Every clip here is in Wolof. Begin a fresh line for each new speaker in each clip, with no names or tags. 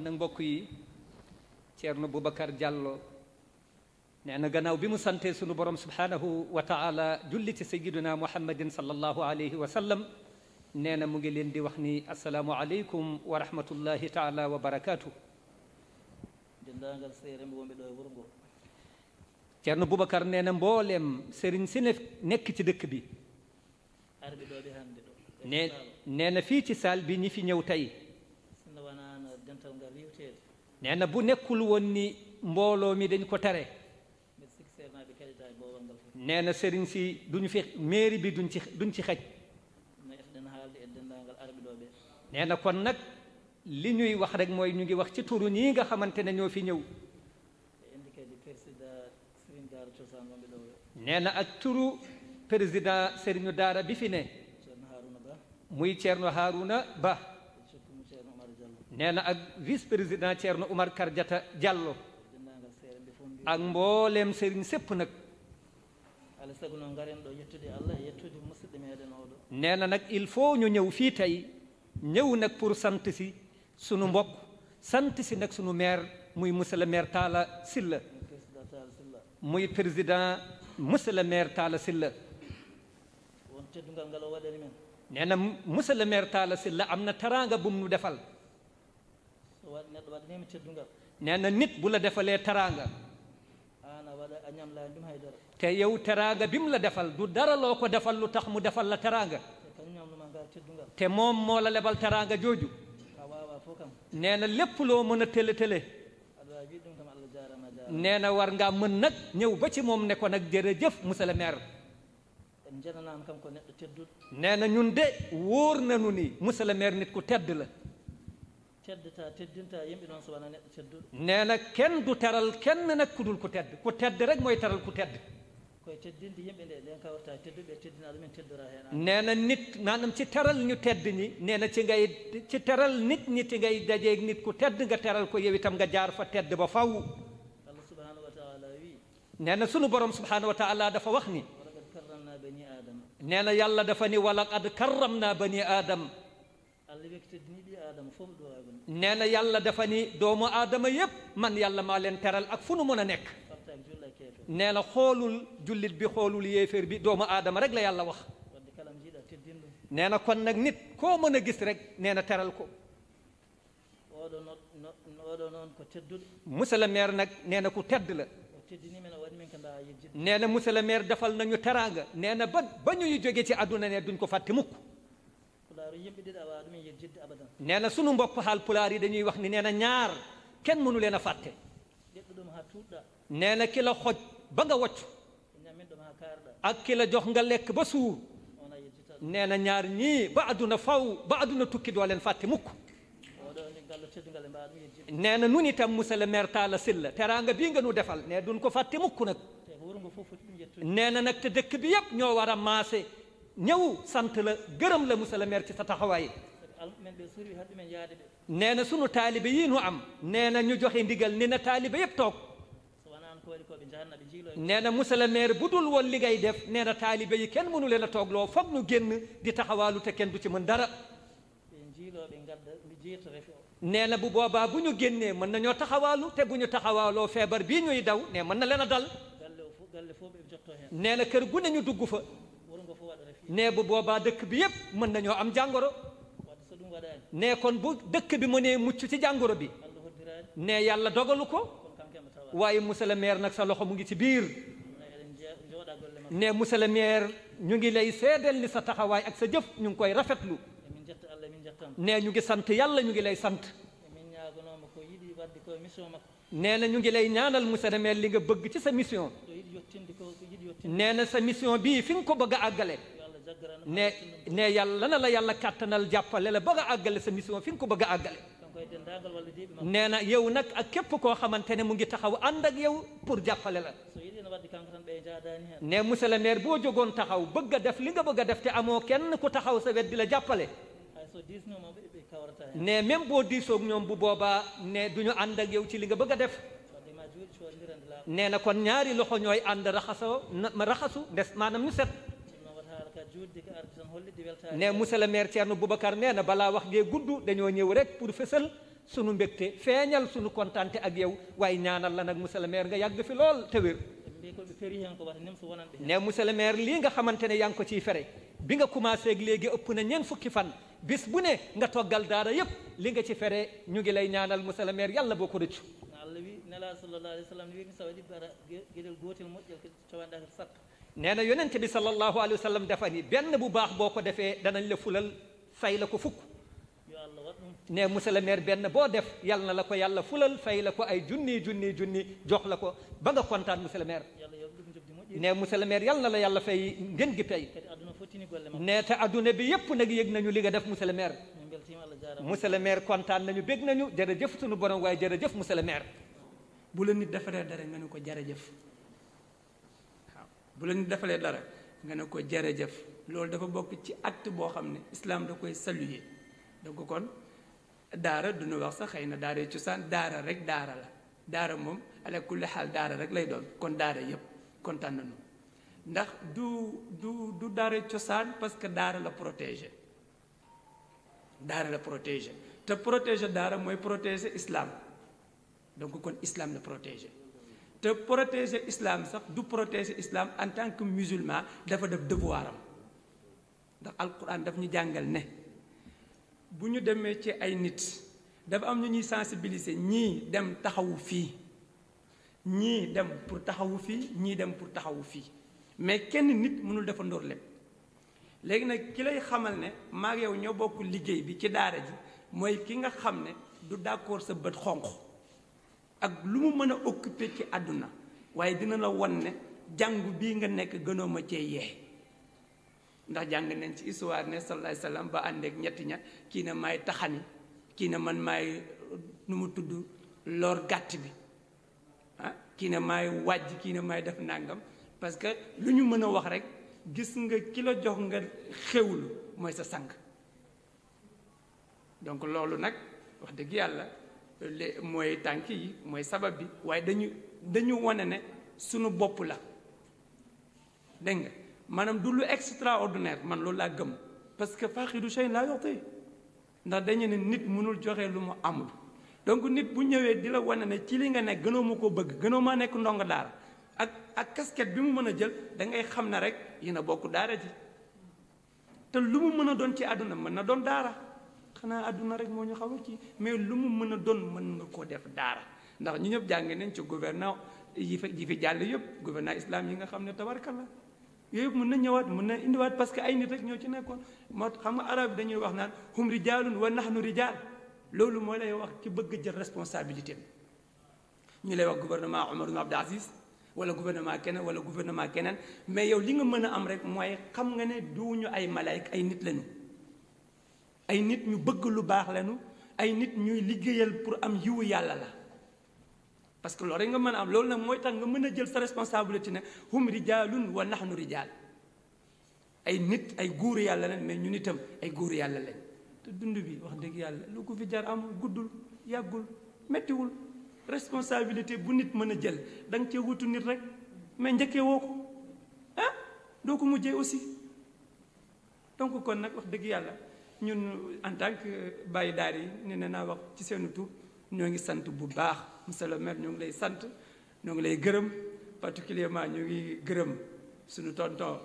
kon nag mbokk yi Ceerno Boubacar Diallo nee na gannaaw bi mu santee sunu borom subhanahu wa taala julli ci sayiduna muhammadin sallallahu alayhi wa sallam nee na mu ngi leen di wax ni asalaamu aleykum wa rahmatullahi taala wa barakatuh
dendaangal séeréem wonɓe ɗo e
wuro nee na mbooleem sëriñ si nekk ci dëkk bi arɓe ɗo saal bi ñi fi ñëw nee na bu nekkul woon ni mbooloo mi dañ ko tere nee na sëriñ si duñ fi mairie bi duñ ci duñ ci xaj nee na kon nag li ñuy wax rek mooy ñu ngi wax ci turu ñii nga xamante ne ñoo fi ñëw nee na ak turu président sëriñu daara bi fi ne muy Haaruna Ba nee na ak vice président Thierno Oumar Kardiata Diallo ak mboolem sëriñ sépp nag
alay sago no garen ɗo yettude allah e yettude
nee na nag il faut ñu ñëw fii tey ñëw nag pour sant si sunu mbokk sant si nag sunu meer muy monsieur le maire Talla Sylla muy président monsieur le maire Talla Sylla
won teddugal ngal o
na monsieur le maire Talla Sylla am na teraanga bu mu defal nee na nit bu la defalee teraanga te yow teraanga bi mu la defal du dara loo ko defal lu tax mu defal la teraanga te moom moo la lebal teraanga jooju nee na lépp loo mën a tele tële
nee na war
ngaa mën nag ñëw ba ci moom ne ko nag jërëjëf monsieur le maire nee na ñun de wóor nañu ni monsieur le maire nit ku tedd la nee na kenn du teral kenn nag ku dul ku tedd ku tedd rek mooy teral ku tedd nee na nit maanaam ci teral ñu tedd ñi nee na ci ngay ci teral nit ñi ci ngay dajeeg nit ku tedd nga teral ko yow itam nga jaar fa tedd ba faw nee na sunu borom subhaanahu wa taala dafa wax ni nee na yàlla dafa ni walaqad karram naa bani aadam nee na yàlla dafa ni doomu aadama yépp man yàlla maa leen teral ak fu nu mën a nekk nee na xoolul jullit bi xoolul yéeféer bi doomu aadama rek la yàlla wax nee na kon nag nit koo mën a gis rek nee na teral ko monsieur le maire nag nee na ku tedd la nee na monsieur le maire defal nañu teraanga nee na ba ba ñuy jóge ci àdduna ne duñ ko fàtte mukk nee na sunu mbokk xaal pulaar yi dañuy wax ni nee na ñaar kenn mënu leen a fàtte nee na ki xoj ba nga waccu ak ki jox nga lekk ba suur nee na ñaar ñii ba àdduna faw ba àdduna tukki doo leen fàtte mukk nee na nun itam monsieur le maire Talla Sylla teraanga bii nga nu defal nee duñ ko fàtte mukk nag nee na nag te dëkk bi yépp ñoo war maase ñëw sant la gërëm la monsieur le maire ci sa taxawaay nee na sunu taalibe yi nu am nee na ñu joxe ndigal ni na taalibe yépp toog nee na monsieur le maire bu dul woon li ngay def nee na taalibe mënu leen a toog loo nu génn di taxawaalu te kenn du ci mën dara nee bu boobaa bu ñu génnee mën nañoo taxawaalu te bu ñu taxawaaloo feebar bii ñuy daw ne mën na leen dal nee na kër gu ne dugg fa nee bu boobaa dëkk bi yépp mën nañoo am jàngoro nee kon bu dëkk bi mënee mucc ci jàngoro bi nee yàlla dogalu ko waaye monsieur le maire nag sa loxo mu ngi ci biir nee monsieur le maire ñu ngi lay seedeel ni sa taxawaay ak sa jëf ñu ngi koy rafetlu nee ñu ngi sant yàlla ñu ngi lay sant nee na ñu ngi lay ñaanal monsieur le maire li nga bëgg ci sa mission nee na sa mission bii fi nga ko bëgg a àggale ne ne yàlla na la yàlla kàttanal jàppale la ba nga àggale sa mission fi nga ko bëgg a àggale nee na yow nag ak képp koo xamante ne mu ngi la ne monsieur le maire boo jógoon taxaw bëgg a def li nga bëgg a def te amoo kenn ku taxaw sa wet di la jàppale ne même boo diisoog ñoom bu boobaa ne du ñu ànd ak yow ci li nga bëgg a def nee na kon ñaari loxo ñooy ànd raxasoo raxasu des maanaam ñu set ne monsieur le maire Thierno Boubacar nee na balaa wax gee gudd dañoo ñëw rek pour fësal sunu mbégte feeñal sunu kontaante ak yow waaye ñaanal la nag monsieur le maire nga yàgg fi lool te wér ne monsieur le maire lii nga xamante ne yaa ngi ko ciy fere bi nga commencé ak léegi ëpp na ñeent fukki fan bis bu ne nga toggal daara yëpp li nga ci fere ñu ngi lay ñaanal monsieur le maire yàlla boo ko rëccu nee na yonent bi sallallahu alayhi wa sallam dafa ni benn bu baax boo ko defee danañ la fulal fay la ko fukk ne musala mer ben bo def yalla na la ko yàlla fulal fay la ko ay junni junni junni jox la ko ba nga contane musala mer ne musala mer yalla na la yàlla fay ngeen gi pay ne ta aduna bi yep nak yëg nañu li nga def musala mer musala mer contane
nañu bég nañu jere jef suñu borom way jere jef musala mer bu le nit defaree dara nga ñu ko jere jef bu la ñu defalee dara nga ne ko jërëjëf loolu dafa bokk ci acte boo xam ne islam da koy saluer donc kon daara du ñu wax sax xëy na daara cosaan daara rek daara la daara moom ala kulli xaal daara rek lay doon kon daara yëpp kontaan nañu ndax du du du daara cosaan parce que daara la protéger daara la protéger te protéger daara mooy protéger islam donc kon islam la protéger. te protéger islaam sax du protéger islaam en tant que musulman dafa def devoiram ndax alquran daf ñu jàngal ne bu ñu demee ci ay nit dafa am ñu ñuy sensibiliser ñii dem taxawu fii ñii dem pour taxawu fii ñii dem pour taxawu fii mais kenn nit mënul dafa ndoor lépp léegi nag ki lay xamal ne maag yow ñoo bokk liggéey bi ci daara ji mooy ki nga xam ne du d'accord sa bët xonq ak lu mu mën a occupé ci aduna waye dina la won ne bi nga nek gëno ma ci yee ndax jang nañ ci histoire ne sallallahu alayhi wasallam ba ak ñetti ña ki ne may taxani ki ne man may nu mu tuddu lor gatt bi ha ah, ki ne may wajj ki ne may def nangam parce que lu ñu mën wax rek gis nga ki la jox nga xewlu moy sa sang donc lolu nak wax deug yalla les mooy tànk yi mooy sabab bi waaye dañu dañu wane ne sunu bopp la dégg nga maanaam du lu extraordinaire man loolu laa gëm parce que faaxidu shay laa yoxte ndax dañu ne nit mënul joxe lu mu amul donc nit bu ñëwee di la wane ne ci li nga nekk gënoo ma ko bëgg gënoo maa nekk ndongo daara ak ak kasket bi mu mën a jël da ngay xam ne rek yéen a bokk daara ji te lu mu mën a doon ci àdduna mën na doon daara xanaa àdduna rek moo ñu xaw a kii lu mu mën a doon mën nga koo def daara ndax ñu ñëpp jànge nañ ci gouverneur yi fa yi jàll yëpp gouverneur islam yi nga xam ne tabarkalla yooyu yëpp mën na ñëwaat mën na indiwaat parce que ay nit rek ñoo ci nekkoon moo xam nga arab dañuy wax naan hum rijaalun wa nahnu rijaal loolu mooy lay wax ci bëgg jël responsabilité ñu lay wax gouvernement Omar ibn Abdel Aziz wala gouvernement keneen wala gouvernement keneen mais yow li nga mën a am rek mooy xam nga ne duñu ay malaayik ay nit lañu ay nit ñu bëgg lu baax leenu ay nit ñuy liggéeyal pour am yiwu yàlla la parce que loolu rek nga mën a am loolu nag mooy tax nga mën a jël sa responsabilité ne hum rijaalun wa nahnu rijaal ay nit ay góor yàlla lañ mais ñu ñun itam ay góor yàlla lañ te dund bi wax dëgg yàlla lu ko fi jar amul guddul yàggul mettiwul responsabilité bu nit mën a jël danga cee wutu nit rek mais njëkkee woo ko ah doo ko mujjee aussi donc kon nag wax dëgg yàlla ñun en tant que bàyyi daar yi ne ne naa wax ci seenu tur ñoo ngi sant bu baax monsieur le maire ñoo ngi lay sant ñoo ngi lay gërëm particulièrement ñoo ngi gërëm suñu tonton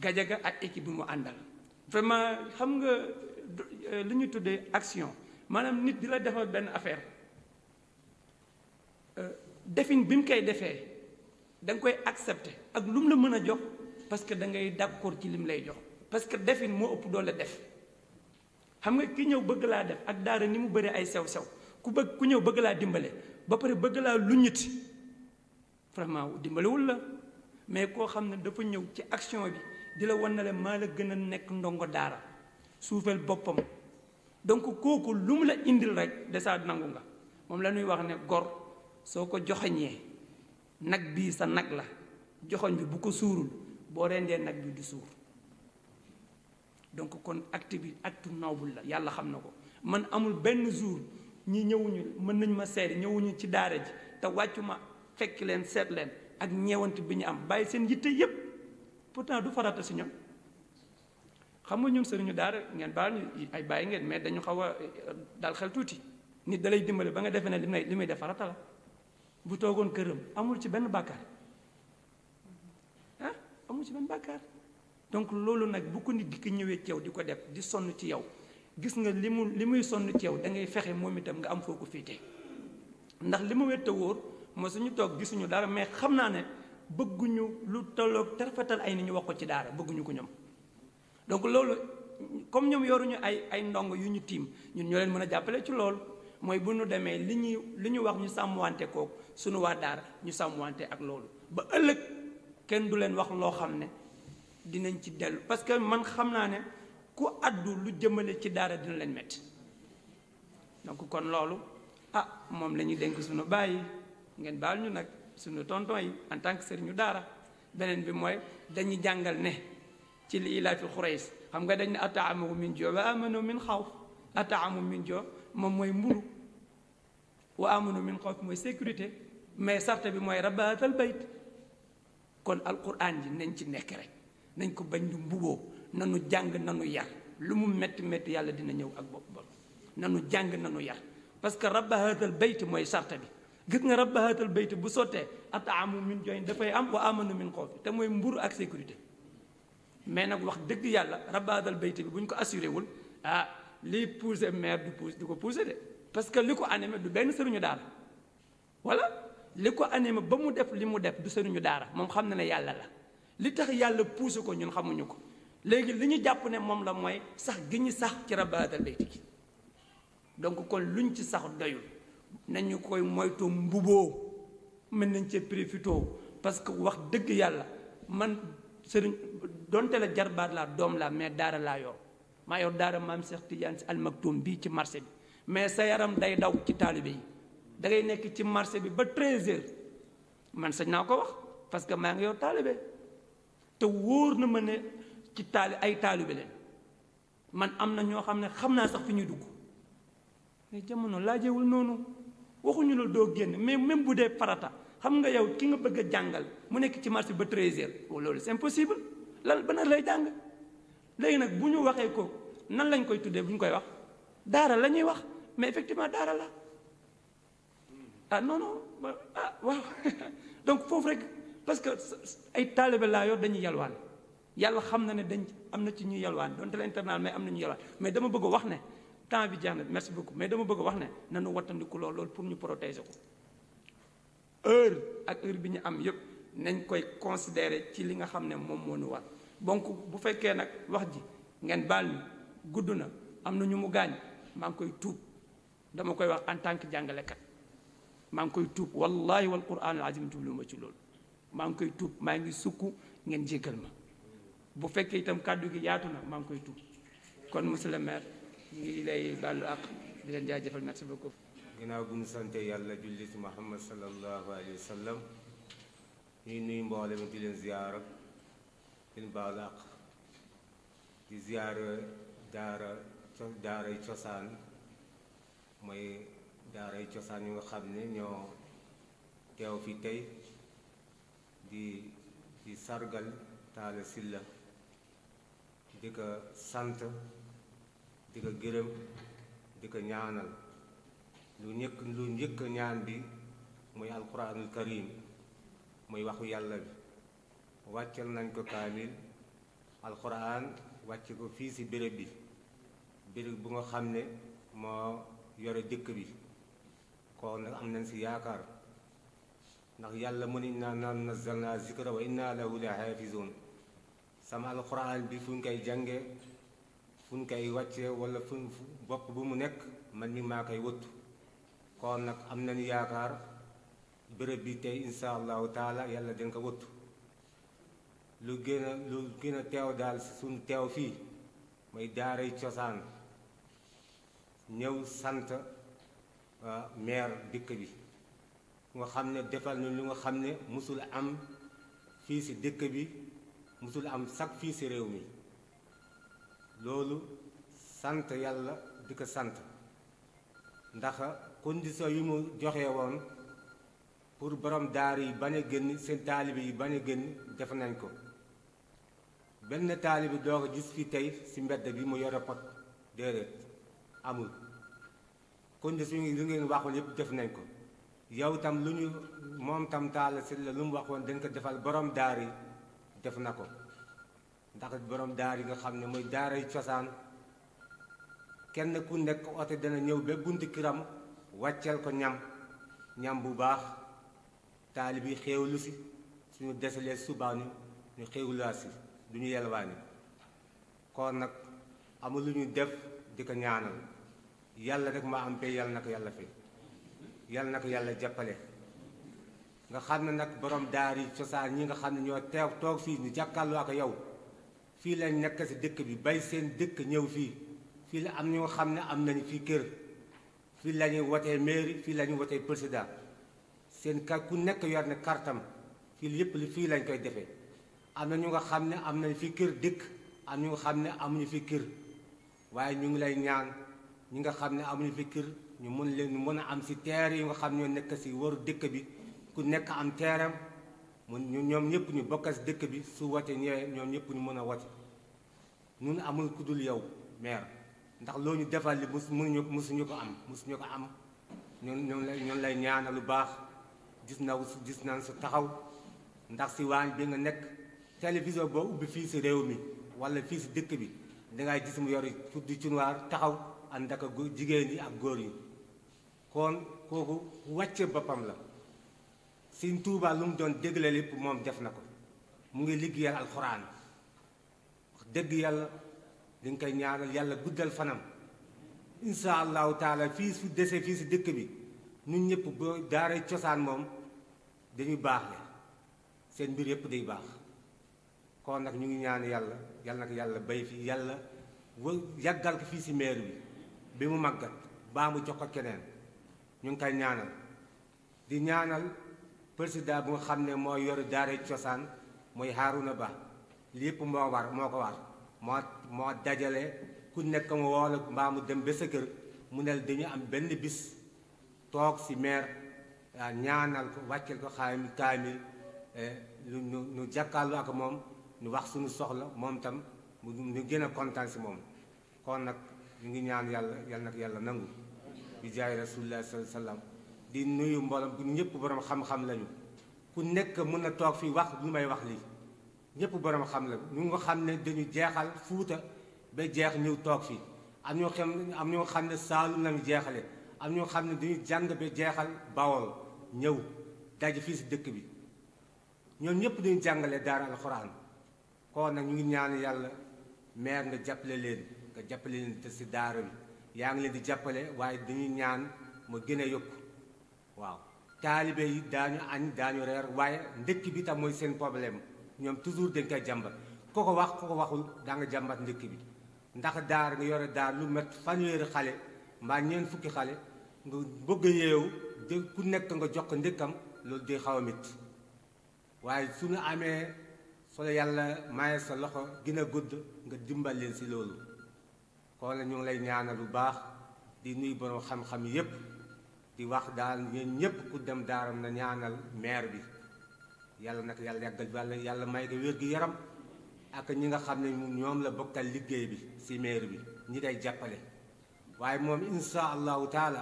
Gajaga ak équipe bi mu àndal vraiment xam nga euh, li ñu tuddee action maanaam nit di la defal benn affaire euh, defin bi mu koy defee da koy accepter ak lu mu la mën a jox parce que da ngay d'accord ci lim lay jox parce que defin moo ëpp doole def xam nga ki ñëw bëgg laa def ak daara ni mu bëri ay sew-sew ku bëgg ku ñëw bëgg laa dimbale ba pare bëgg laa lu ñit vraiment dimbalewul la mais koo xam ne dafa ñëw ci action bi di la wan na le maa la gën a nekk ndongo daara suufeel boppam donc kooku lu mu la indil rek desa nangu nga moom la ñuy wax ne gor soo ko joxoñee nag bii sa nag la joxoñ bi bu ko suurul boo rendee nag bi du suur donc kon acte bi acte noble la yàlla xam na ko man amul benn jour ñi ñëwuñu mën nañ ma seet ñëwuñu ci daara ji te wàccuma fekk leen seet leen ak ñeewante bi ñu am bàyyi seen yitte yépp pourtant du farata si ñoom xam nga ñun sëriñu daara ngeen baal ñu ay bàyyi ngeen mais dañu xaw a eh, dal xel tuuti nit da lay dimbale ba nga defee ne li may li may def farata la bu toogoon këram amul ci benn bàkkaar ah amul ci benn bàkkaar donc loolu nag bu ko nit di ñëwee ci yow di ko def di sonn ci yow gis nga li mu li muy sonn ci yow da ngay fexe moom itam nga am foo ko fii féete ndax li ma wette wóor mooy suñu toog gisuñu dara mais xam naa ne bëgguñu lu tolloog tarfatal ay ni ñu wax ko ci daara bëgguñu ko ñoom donc loolu comme ñoom yoruñu ay ay ndongo yu ñu tiim ñun ñoo leen mën a jàppale ci lool mooy bu ñu demee li ñuy li ñu wax ñu sàmmwante kook suñu waa daara ñu sàmmuwante ak loolu ba ëllëg kenn du leen wax loo xam ne dinañ ci dellu parce que man xam naa ne ku addu lu jëmmale ci daara dina leen metti donc kon loolu ah moom la ñuy dénk suñu bàyyi ngeen baal ñu nag suñu tonton yi en tant que ñu daara beneen bi mooy dañuy jàngal ne ci li ilaafi Xurays xam nga dañ ne ataamu min joo wa amanu min xawf ataamu min joo moom mooy mburu wa amanu min xawf mooy sécurité mais sarte bi mooy rabaatal bayt kon alquran ji nañ ci nekk rek nañ ko bañ du mbugo nanu jàng nanu yar
lu mu métti
métti yàlla dina ñëw ak bop bop nanu jàng nanu yar parce que rabb hada al bayt moy sarta bi gis nga rabb hada al bayt bu soté at'amu min da fay am wa amanu min xoofi te moy mbur ak sécurité mais nak wax deug yàlla rabb hada al bayt bi buñ ko assuré wul ah li pousé mère du pousé diko pousé de parce que liko animé du ben sëriñu daara wala liko animé ba mu def limu def du sëriñu daara mom xamna ne yàlla la li tax yàlla poussé ko ñun xamuñu ko léegi li ñu jàpp ne moom la mooy sax gi ñu sax ci rabaatal bayti gi donc kon luñ ci sax doyul nañu koy moytu mbuboo mën nañ cee profité parce que wax dëgg yàlla man sëriñ donte la jarbaat laa doom laa mais daara laa yor maa yor daara maam Cheikh Tidiane si almaktoum bii ci marché bi mais sa yaram day daw ci taalibe yi da ngay nekk ci marché bi ba 13 man sañ naa ko wax parce que maa ngi yor taalibe te wóor na ma ne ci taal ay taalibe leen man am na ñoo xam ne xam naa sax fi ñuy dugg mais jamono laajewul noonu waxuñu la doo génn mais même bu dee farata xam nga yow ki nga bëgg a jàngal mu nekk ci marché ba 13h loolu c'est impossible lan ba nag lay jàng léegi nag bu ñu waxee ko nan lañ koy tuddee bu ñu koy wax daara lañuy wax mais effectivement daara la ah non non ah waaw donc foofu rek. parce que ay taalibe laa yor dañuy yalwaan yàlla xam na ne dañ am na ci ñuy yalwaan donte la internal mais am na ñu yalwaan mais dama bëgg wax ne temps bi jeex na merci beaucoup mais dama bëgg wax ne nanu wattandiku lool loolu pour ñu protéger ko heure ak heure bi ñu am yëpp nañ koy considérer ci li nga xam ne moom moo nu war donc bu fekkee nag wax ji ngeen baal mi gudd na am na ñu mu gaañ maa ngi koy tuub dama koy wax en tant que jàngalekat maa ngi koy tuub wallahi wal quran al azim tuub lu ma ci loolu maa ngi koy tuub maa ngi sukk ngeen jéggal ma bu fekkee itam kàddu gi yaatu na maa ngi koy tuub kon monsieur le maire
ñu ngi lay baalu àq di leen jaajëfal merci beaucoup. ginnaaw bu ñu sante yàlla julli ci Muhammad sallallahu alayhi wa sallam ñuy nuyu mboole mi di leen ziyaara di leen baalu àq di ziyaara daara daaray cosaan mooy daaray cosaan yu nga xam ne ñoo teew fi tey sargal Talla Sylla di ko sant di ko gërëm di ko ñaanal lu njëkk lu njëkk ñaan bi muy alquranul karim muy waxu yàlla bi wàccal nañ ko kaamil alquran wàcc ko fii ci bërëb bi béréb bu nga xam ne moo yore dëkk bi kon nag am nañ si yaakaar نغيال من إنا نزلنا الذكر وإنا له لحافظون سمع القرآن بفن كي جنگ فن كي واتش ولا فن بق بمنك من ما كي وط كونك أمنا نياكار بربيتي إن شاء الله تعالى يلا دنك وط لوجينا لوجينا تاو دال سون تاو في ما يداري تشسان نيو سانتا آه، مير بكبي ku nga xam ne defal na lu nga xam ne musul am fii si dëkk bi musul am sax fii si réew mi loolu sant yàlla di ko sant ndax condition yi mu joxe woon pour borom daar yi bañ génn seen taalibe yi bañ a génn def nañ ko benn taalibe doo ko gis fi tey si mbedd bi mu yore pot déedéet amul condition yi ngeen waxul yépp def nañ ko yow tam lu ñu moom tam Talla la lu mu wax woon dañ ko defal borom daar yi def na ko ndax borom daar yi nga xam ne mooy daara yu cosaan kenn ku nekk oto dana ñëw ba buntu kiram wàccel ko ñam ñam bu baax taalib yi xéewlu si suñu desalee subaanu ñu xéewlaa si du ñu yelwaani kon nag amul lu ñu def di ko ñaanal yàlla rek ma am pe yàlla na ko yàlla fi yàlla na ko yàlla jàppale nga xam ne nag borom daar yi cosaan ñi nga xam ne ñoo teew toog fii ñu jàkkaarloo ak yow fii lañ nekk si dëkk bi bay seen dëkk ñëw fii fii la am ñoo xam ne am nañu fii kër fii la ñuy wotee fii la ñuy wotee seen kar nekk yor na kartam fii yépp li fii lañ koy defee am na ñu nga xam ne am nañu fii kër dëkk am ñu nga xam ne amuñu fi kër waaye ñu ngi lay ñaan ñi nga xam ne amuñu fi kër ñu mun leen mën a am si terre yi nga xam ñoo nekk si waru dëkk bi ku nekk am teeram mun ñoom ñëpp ñu bokk si dëkk bi su wote ñëwee ñoom ñëpp ñu mën a wote ñun amul ku dul yow maire ndax loo ñu defal li mus mënuñu musuñu ko am musuñu ko am ñoom ñoom lay ñoom lay ñaana lu baax gis na gis nañ su taxaw ndax si waañ bi nga nekk télévision boo ubbi fii si réew mi wala fii si dëkk bi dangay gis mu yor tuddi cunuwaar taxaw ànd ak jigéen yi ak góor yi kon kooku wàcce boppam la Sëriñ tuubaal lu mu doon dégle lépp moom def na ko mu ngi liggéey alxuraan wax dëgg yàlla dañ koy ñaanal yàlla guddal fanam insha allahu taala fii su dese fii si dëkk bi ñun ñëpp boo daara cosaan moom dañuy baax le seen mbir yëpp day baax kon nag ñu ngi ñaan yàlla yàlla nag yàlla bay fii yàlla yàggal ko fii si meer bi bi mu màggat baa mu jox ko keneen ñu ngi koy ñaanal di ñaanal président bu nga xam ne moo yoru daara cosaan mooy Harouna Ba lépp moo war moo ko war moo moo dajale ku nekk mu woola mbaa mu dem ba sa kër mu ne dañu am benn bis toog si maire ah, ñaanal ko wàccel ko xaami kaamil lu eh, ñu ñu jàkkaarloo ak moom ñu wax suñu soxla moom tam mu ñu gën a kontaan si moom kon nag ñu ngi ñaan yàlla yàlla nag yàlla nangu bi jaay rasulullah sallam di nuyu mboolem bu ñëpp borom xam-xam lañu ku nekk mën a toog fii wax lu may wax lii ñëpp borom xam la ñu nga xam ne dañu jeexal fuuta ba jeex ñu toog fii am ñoo xam am ñoo xam ne saalum lañu jeexale am ñoo xam ne dañu jàng ba jeexal bawol ñëw daje fii si dëkk bi ñoom ñëpp dañu jàngale daara alxuraan kon nag ñu ngi ñaan yàlla meer nga jàppale leen nga jàppale leen te si daara yaa ngi leen di jàppale waaye dañuy ñaan mu gën a yokku waaw taalibe yi daañu añ daañu reer waaye ndëkk bi tam mooy seen problème ñoom toujours dañ koy jàmbat ko ko wax ko ko waxul daa nga jàmbat ndëkk bi ndax daar nga yore daar lu met fanweeri xale mbaa ñeent fukki xale nga bëgg a yeewu de ku nekk nga jox ko ndëkkam loolu day xaw a mit waaye suñu amee solo yàlla maye sa loxo gën a gudd nga dimbal leen si loolu kon ñu ngi lay ñaanal bu baax di nuy borom xam-xam yépp di wax daal ñeen ñépp ku dem daaram na ñaanal maire bi yàlla nag yàlla yàggal yàlla yàlla may ko wér gi yaram ak ñi nga xam ne ñoom la bokkal liggéey bi si maire bi ñi day jàppale waaye moom insha allahu taala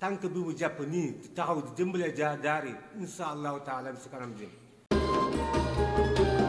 tànk bi mu jàpp nii taxaw di dimbalee jaar daar yi insha allahu taala si kanam jëm